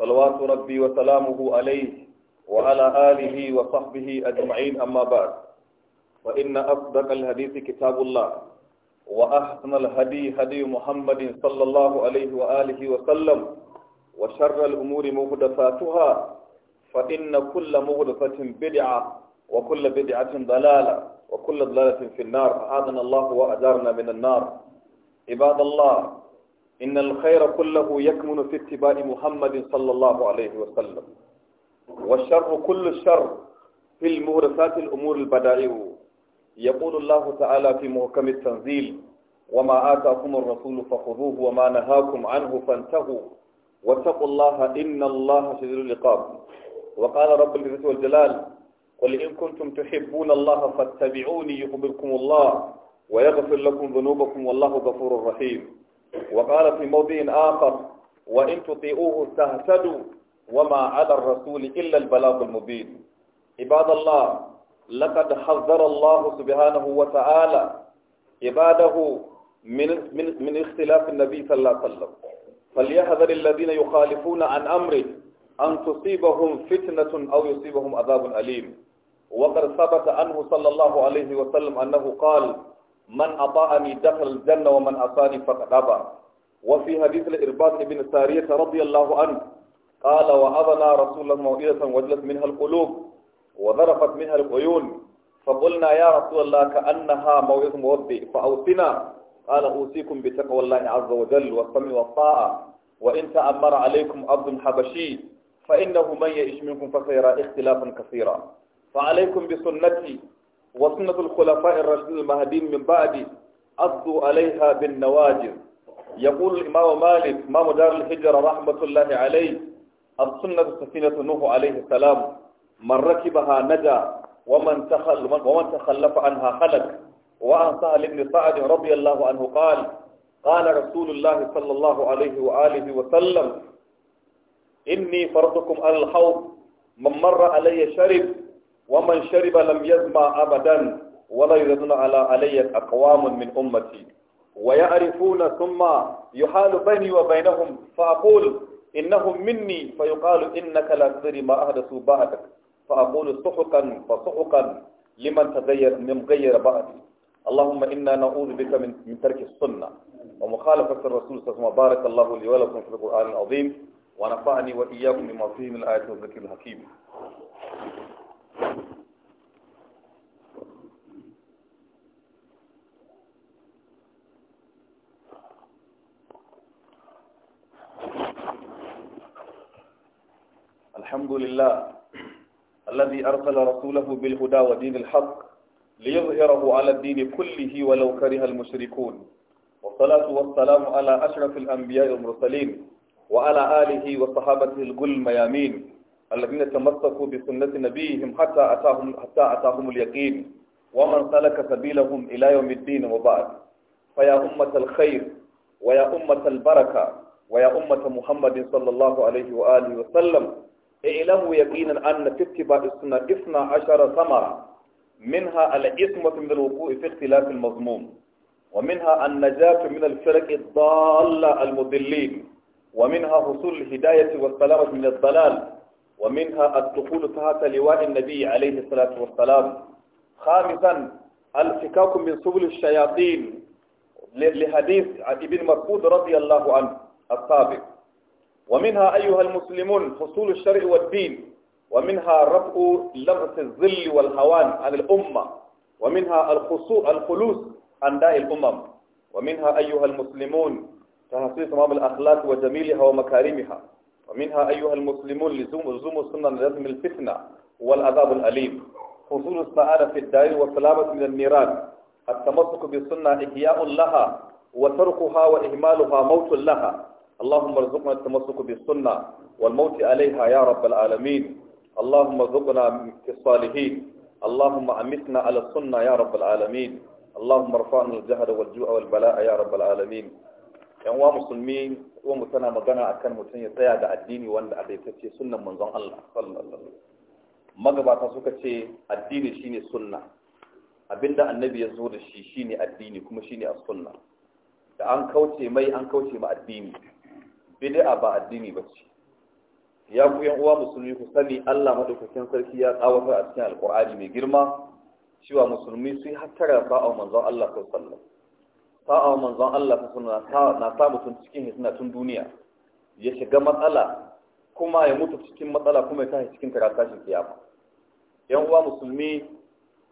صلوات ربي وسلامه عليه وعلى آله وصحبه أجمعين أما بعد فإن أصدق الحديث كتاب الله وأحسن الهدي هدي محمد صلى الله عليه وآله وسلم وشر الأمور مهدفاتها فإن كل مهدفة بدعة وكل بدعة ضلالة وكل ضلالة في النار أعاذنا الله وأجارنا من النار عباد الله إن الخير كله يكمن في اتباع محمد صلى الله عليه وسلم والشر كل الشر في المهرسات الأمور البدائع يقول الله تعالى في محكم التنزيل وما آتاكم الرسول فخذوه وما نهاكم عنه فانتهوا واتقوا الله إن الله شديد العقاب وقال رب العزة والجلال قل إن كنتم تحبون الله فاتبعوني يحببكم الله ويغفر لكم ذنوبكم والله غفور رحيم وقال في موضع آخر وإن تطيئوه تهتدوا وما على الرسول إلا البلاغ المبين عباد الله لقد حذر الله سبحانه وتعالى عباده من من من اختلاف النبي صلى الله عليه وسلم فليحذر الذين يخالفون عن أمره أن تصيبهم فتنة أو يصيبهم عذاب أليم وقد ثبت عنه صلى الله عليه وسلم أنه قال من أطاعني دخل الجنة ومن أطاني فقد أبى وفي حديث الإرباط بن سارية رضي الله عنه قال وأضنا رسول الله موئلة وجلت منها القلوب وذرفت منها العيون فقلنا يا رسول الله كأنها موئلة موضي فأوصنا قال أوصيكم بتقوى الله عز وجل والسمع والطاعة وإن تأمر عليكم عبد حبشي فإنه من يئش منكم فسيرى اختلافا كثيرا فعليكم بسنتي وسنة الخلفاء الراشدين المهديين من بعد أصدوا عليها بالنواجذ يقول الإمام مالك إمام دار الهجرة رحمة الله عليه السنة سفينة نوح عليه السلام من ركبها نجا ومن تخل ومن تخلف عنها خلق وعن سهل بن سعد رضي الله عنه قال قال رسول الله صلى الله عليه وآله وسلم إني فرضكم على الحوض من مر علي شرب ومن شرب لم يزمع أبدا ولا يزدن على علي أقوام من أمتي ويعرفون ثم يحال بيني وبينهم فأقول إنهم مني فيقال إنك لا تدري ما أحدثوا بعدك فأقول سحقا فسحقا لمن تغير من غير بعدي اللهم إنا نعوذ بك من, من ترك السنة ومخالفة الرسول صلى الله عليه وسلم بارك الله لي ولكم في القرآن العظيم ونفعني وإياكم بما فيه من الآيات والذكر الحكيم الحمد لله الذي أرسل رسوله بالهدى ودين الحق ليظهره على الدين كله ولو كره المشركون والصلاة والسلام على أشرف الأنبياء المرسلين وعلى آله وصحابته الجل ميامين الذين تمسكوا بسنة نبيهم حتى أتاهم, حتى أتاهم اليقين ومن سلك سبيلهم إلى يوم الدين وبعد فيا أمة الخير ويا أمة البركة ويا أمة محمد صلى الله عليه وآله وسلم اعلموا يقينا أن في اتباع السنة إثنى عشر ثمرة منها الإثمة من الوقوع في اختلاف المضمون ومنها النجاة من الفرق الضالة المضلين ومنها حصول الهداية والسلامة من الضلال ومنها الدخول تحت لواء النبي عليه الصلاة والسلام خامسا الفكاك من سبل الشياطين لحديث ابن مسعود رضي الله عنه السابق ومنها أيها المسلمون فصول الشرع والدين ومنها رفع لغس الظل والهوان عن الأمة ومنها الخلوص عن داء الأمم ومنها أيها المسلمون تحصيل مام الأخلاق وجميلها ومكارمها ومنها أيها المسلمون لزوم لزوم السنة لزم الفتنة والعذاب الأليم حصول السعادة في الدار والسلامة من النيران التمسك بالسنة إحياء لها وتركها وإهمالها موت لها اللهم ارزقنا التمسك بالسنة والموت عليها يا رب العالمين اللهم ارزقنا الصالحين اللهم أمتنا على السنة يا رب العالمين اللهم ارفعنا الجهد والجوع والبلاء يا رب العالمين yan uwa musulmi ko mu tana magana akan mutum ya tsaya da addini wanda a daitacce sunnan manzon Allah sallallahu alaihi magabata suka ce addini shine sunna abinda annabi ya zo da shi shine addini kuma shine as-sunna da an kauce mai an kauce ma addini bid'a ba addini ba ce ya ku yan uwa musulmi ku sani Allah madaukakin sarki ya tsawatar a cikin alkur'ani mai girma cewa musulmi sun hattara a manzon Allah sallallahu alaihi wasallam sa'a manzon Allah sallallahu na sa mutum cikin hisna tun duniya ya shiga matsala kuma ya mutu cikin matsala kuma ya tashi cikin karatashin kiyama yan uwa musulmi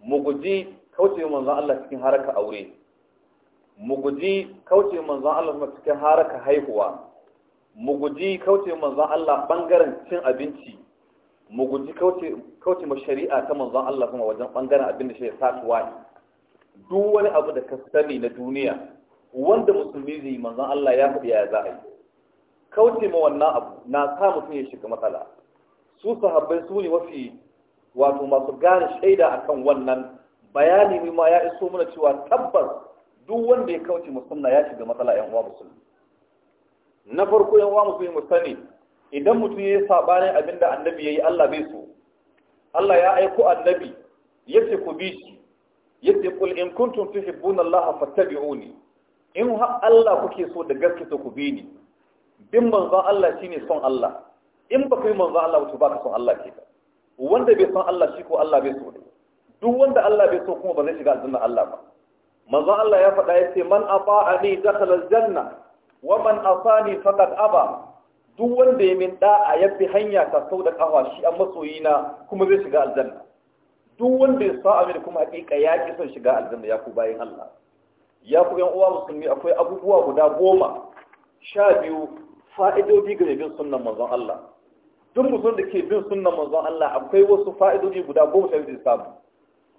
mu guji kauce manzon Allah cikin haraka aure mu guji kauce manzon Allah cikin haraka haihuwa mu guji kauce manzon Allah bangaren cin abinci mu guji kauce ma shari'a ta manzon Allah kuma wajen bangaren abin da shi ya tuwa duk wani abu da ka sani na duniya wanda musulmi zai yi manzon Allah ya faɗi ya za a yi kauce ma wannan abu na sa mutum ya shiga matsala su sahabbai su ne mafi wato masu gane shaida akan wannan bayani ma ya iso mana cewa tabbas duk wanda ya kauce musulma ya shiga matsala yan uwa musulmi na farko yan uwa musulmi mu sani idan mutum ya yi sabanin abinda annabi ya yi Allah bai so Allah ya aiko annabi ya ce ku bi shi yace qul in kuntum tuhibbuna Allah fattabi'uni in ha Allah kuke so da gaske to ku bi ni bin manzon Allah shine son Allah in ba kai manzon Allah to baka son Allah ke wanda bai son Allah shi ko Allah bai so ne duk wanda Allah bai so kuma ba zai shiga aljanna Allah ba manzon Allah ya faɗa ya ce man afa'ani dakhala aljanna wa man asani faqad aba duk wanda ya min da ya bi hanya ta sau da kafa shi an na kuma zai shiga aljanna duk wanda ya sa amir kuma hakika ya ki son shiga aljanna ya ku bayin Allah ya ku yan uwa musulmi akwai abubuwa guda goma sha biyu fa'idodi ga bin sunnan manzon Allah duk mutum da ke bin sunnan manzon Allah akwai wasu fa'idodi guda goma sha biyu samu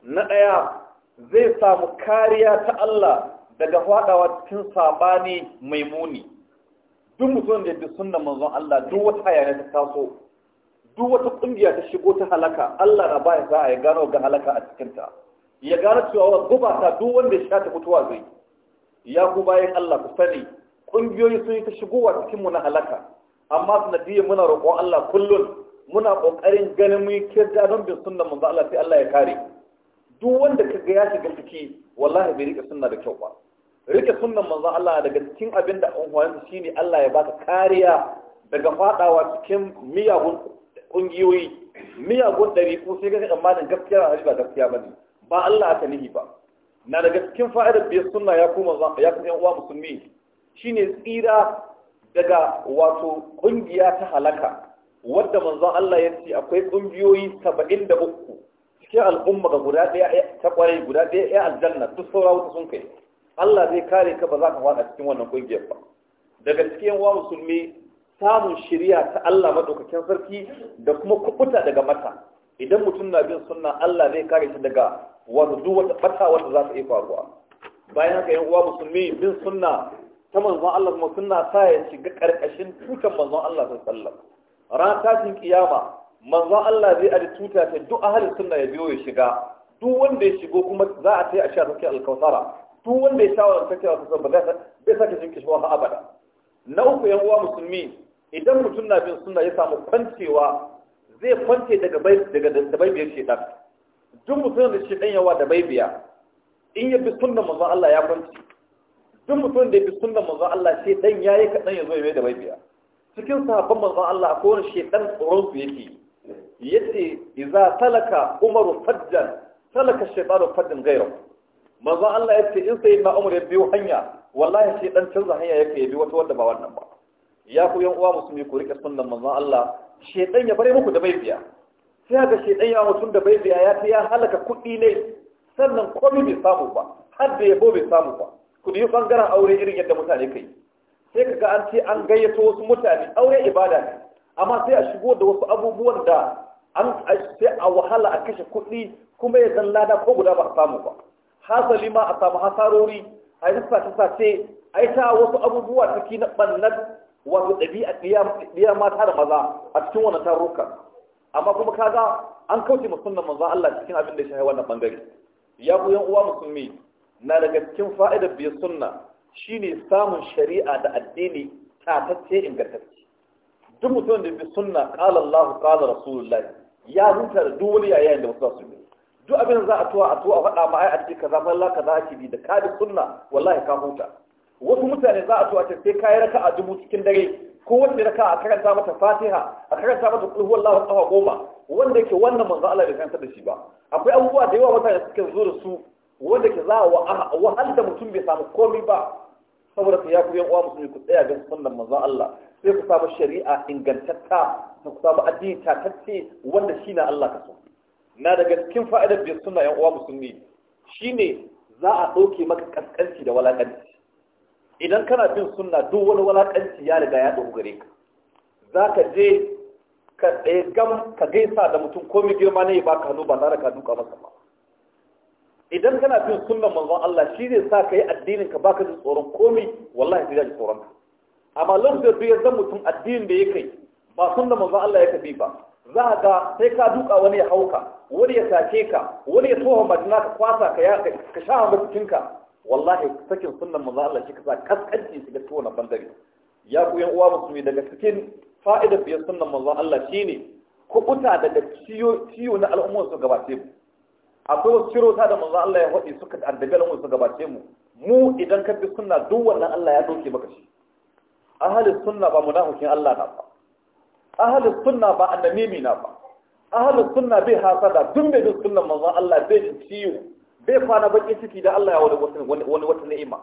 na ɗaya zai samu kariya ta Allah daga faɗawa cikin sabani mai muni duk mutum da duk sunnan manzon Allah duk wata hayaniya ta taso duk wata kungiya ta shigo ta halaka Allah na ba ya za a ya gano ga halaka a cikin ya gano cewa guba ta duk wanda ya ta mutuwa zai ya ku bayan Allah ku sani kungiyoyi sun yi ta shigowa cikin mu na halaka amma sanadiyar muna roƙon Allah kullun muna ƙoƙarin ganin mu kirta don bin sunna manzo Allah sai Allah ya kare duk wanda kaga ya shiga ciki wallahi bai rika sunna da kyau ba rike sunnan manzon Allah daga cikin abin da shi ne Allah ya baka kariya daga fadawa cikin miyagun kungiyoyi miyagun ko sai amma da gaskiya a ba gaskiya ba ne. ba Allah aka nihi ba na daga cikin fa'idar biyar sunna ya kuma ya kuma uwa musulmi shine tsira daga wato kungiya ta halaka wadda manzon Allah ya ce akwai kungiyoyi 73 cikin al'umma ga guda daya ta kwarai guda daya ya aljanna duk saura wuta sun kai Allah zai kare ka ba za ka fada cikin wannan kungiyar ba daga cikin wa musulmi samun shiriya ta Allah madaukakin sarki da kuma kubuta daga mata idan mutum na bin sunna Allah zai kare shi daga wato duk wata bata wanda za ta yi faruwa bayan haka yan uwa musulmi bin sunna ta manzon Allah kuma sunna ta ya shiga karkashin tutar manzon Allah sallallahu alaihi wasallam ran tashin kiyama manzon Allah zai aji tuta ta duk ahalin sunna ya biyo ya shiga duk wanda ya shigo kuma za a tai a sha sauki alkausara Tun wanda ya shawara ta kewa kasa ba zai sake jin kishwa ha abada na uku yan uwa musulmi idan mutum na bin sunna ya samu kwancewa zai kwance daga bai daga da baibiyar shedan duk mutum da shedan yawa da biya in ya bi sunan manzo Allah ya kwance duk mutum da ya bi sunnan manzo Allah shedan yayi kadan ya zo ya da bai biya cikin sahabban manzo Allah ko wani shedan tsoron su yake yace idza talaka umaru fajjan talaka shaytanu fajjan ghayrahu manzo Allah ya ce in sai na Umar ya biyo hanya ya sai dan canza hanya yake ya bi wata wanda ba wannan ba ya ku yan uwa musulmi ku rike sunnan manzo Allah shedan ya bare muku da bai biya sai ga shedan ya mutun da bai biya ya ta ya halaka kuɗi ne sannan komai bai samu ba har da yabo bai samu ba ku yi bangaren aure irin yadda mutane kai sai kaga an ce an gayyato wasu mutane aure ibada ne amma sai a shigo da wasu abubuwan da an sai a wahala a kashe kuɗi kuma ya zan lada ko guda ba samu ba hasali ma a samu hasarori a yi sace-sace a yi ta wasu abubuwa ciki na ɓannan wasu ɗabi'a ɗiya mata da maza a cikin wannan tarurruka amma kuma kaga an kauce ma sunnan manzo Allah cikin abin da ya shafi wannan bangare ya ku yan uwa musulmi na daga cikin fa'idar biyar sunna shine samun shari'a da addini tatacce ingantacce duk mutum da bi sunna qala Allah qala rasulullah ya huta da duk wani yayin da wasu su duk abin za a tuwa a tuwa faɗa ma ai a cikin kaza falla kaza ake bi da kadi sunna wallahi ka huta wasu mutane za a tuwa ta sai kayi raka a dubu cikin dare ko wacce raka a karanta mata fatiha a karanta mata kullu wallahu tsawa goma wanda yake wannan manzo Allah bai ta da shi ba akwai abubuwa da yawa mutane suke zo da su wanda ke za a wahal da mutum bai samu komai ba saboda ka ya kuyan uwa musulmi ku tsaya gan sunnan manzo Allah sai ku samu shari'a ingantatta ku samu addini tatacce wanda shi na Allah ka so na daga cikin fa'idar biyar suna ‘yan uwa musulmi ne za a ɗauke maka ƙasƙanci da walaƙanci idan kana bin suna duk wani walaƙanci ya riga ya ɗauku gare ka za ka je ka ɗaya gam ka gaisa da mutum komi girma ne ba ka ba tare ka duka masa ba idan kana bin sunan manzon Allah shi ne sa ka yi addinin ka ka ji tsoron komi wallahi sai ya ji tsoron ka amma lokacin da ya zama mutum addinin da ya kai ba sunan manzon Allah ya bi ba za a ga sai ka duka wani ya hauka wani ya sace ka wani ya tohon majina ka kwasa ka ya ka sha hamba cikinka wallahi sakin sunnan manzo Allah shi ka sa kaskanci shi ga tohon bangare ya ku yan uwa musulmi daga cikin fa'ida biya sunnan manzo Allah shine kubuta daga ciyo ciyo na al'ummar su gabace mu akwai wasu cirota da manzo Allah ya faɗi suka addabi al'ummar su gabace mu mu idan ka bi sunna duk wannan Allah ya doke maka shi ahalin sunna ba munafikin Allah na ba Ahalin sunna ba annamimi na ba Ahalin sunna bai hasada duk bai bin sunnan manzon Allah bai jin ciwo bai kwana bakin ciki da Allah ya wani wani wata ni'ima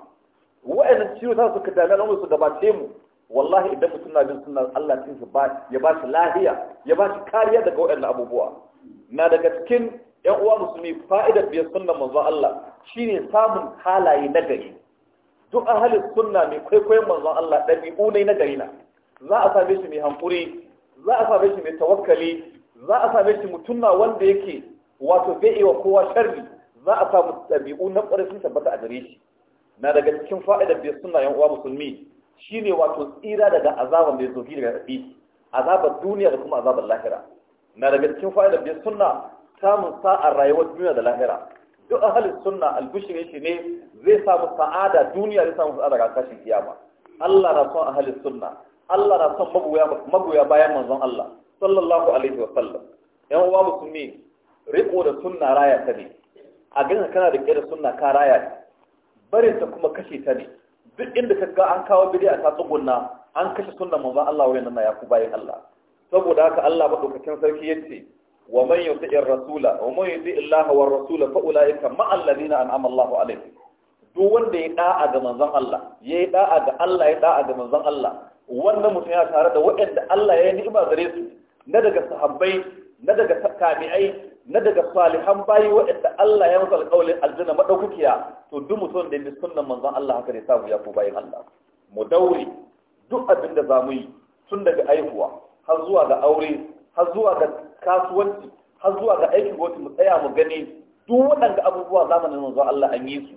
wa'annan ciwo ta suka dame al'umma su gabace mu wallahi idan mutum na bin sunnan Allah sai su ya ba shi lahiya ya ba shi kariya daga wa'annan abubuwa na daga cikin ƴan uwa musulmi fa'idar biyar sunnan manzon Allah shine samun halaye na gari duk ahalin sunna mai kwaikwayon manzon Allah ɗabi'u ne na gari na za a same shi mai hankuri za a same shi mai tawakkali za a same shi mutumna wanda yake wato bai iya kowa sharri za a samu ɗabi'u na ƙwarai sun tabbata a gare shi na daga cikin fa'idar bai suna yan uwa musulmi shine wato tsira daga azaban da ya zofi daga ɗabi azabar duniya da kuma azabar lahira na daga cikin fa'idar bai suna samun sa'ar rayuwar duniya da lahira duk ahalin sunna albishirin shi ne zai samu sa'ada duniya zai samu sa'ada ga tashin kiyama Allah na son ahalin sunna Allah na son magoya bayan manzon Allah sallallahu alaihi wa sallam yan uwa musulmi riko da sunna raya ta ne a ganin kana da da sunna ka raya ne barin ta kuma kashe ta ne duk inda ka ga an kawo bid'a ta tsugunna an kashe sunnan manzon Allah wurin nan ya ku bayan Allah saboda haka Allah madaukakin sarki yace wa man yuti'ir rasula wa man yuti'ir Allah war rasula fa ulaika ma'al ladina an'ama Allahu alaihim duk wanda ya da'a ga manzon Allah ya yi da'a ga Allah ya da'a ga manzon Allah wannan mutum yana tare da waɗanda Allah ya yi ni'ima gare su na daga sahabbai na daga tabi'ai na daga salihan bayi waɗanda Allah ya musu alƙawarin aljanna madaukakiya to duk mutum da ya bi sunnan manzon Allah haka ne samu ya ko bayin Allah mu daure duk abin da za mu yi tun daga aihuwa har zuwa ga aure har zuwa ga kasuwanci har zuwa ga aikin gwamnati mu tsaya mu gani duk waɗanda abubuwa zamanin manzon Allah an yi su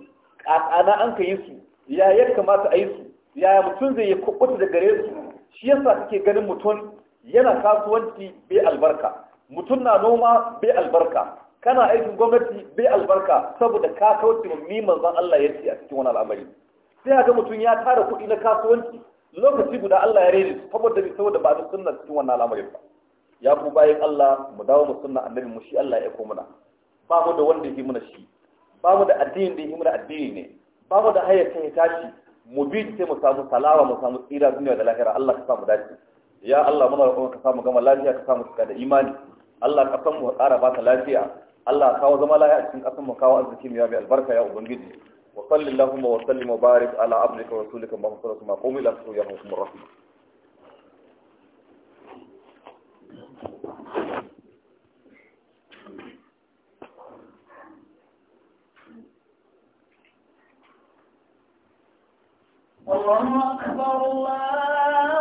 A ana an ka yi su ya ya kamata a yi su ya mutum zai yi kwakwata da gare su shi yasa kake ganin mutum yana kasuwanci bai albarka mutum na noma bai albarka kana aikin gwamnati bai albarka saboda ka kauce miman manzon Allah ya ce a cikin wani al'amari sai ga mutum ya tara kuɗi na kasuwanci lokaci guda Allah ya rene su saboda bai saboda ba da sunna cikin wannan al'amari ba ya ku bayan Allah mu dawo mu sunna annabi mu shi Allah ya aiko ba mu da wanda ya yi mana shi ba mu da addini da himar addini ne ba mu da hayar kai tashi mu bi sai mu samu salawa mu samu tsira duniya da lahira Allah ka samu dace ya Allah muna roƙon ka samu gama lafiya ka samu cika da imani Allah ka san mu tsara ba ta lafiya Allah kawo zama lafiya a cikin kasan mu kawo arziki mu ya bi albarka ya ubangiji wa sallallahu wa sallim wa barik ala abdika wa rasulika muhammadin sallallahu alaihi wa sallam qul la ilaha illa anta astaghfiruka wa الله أكبر الله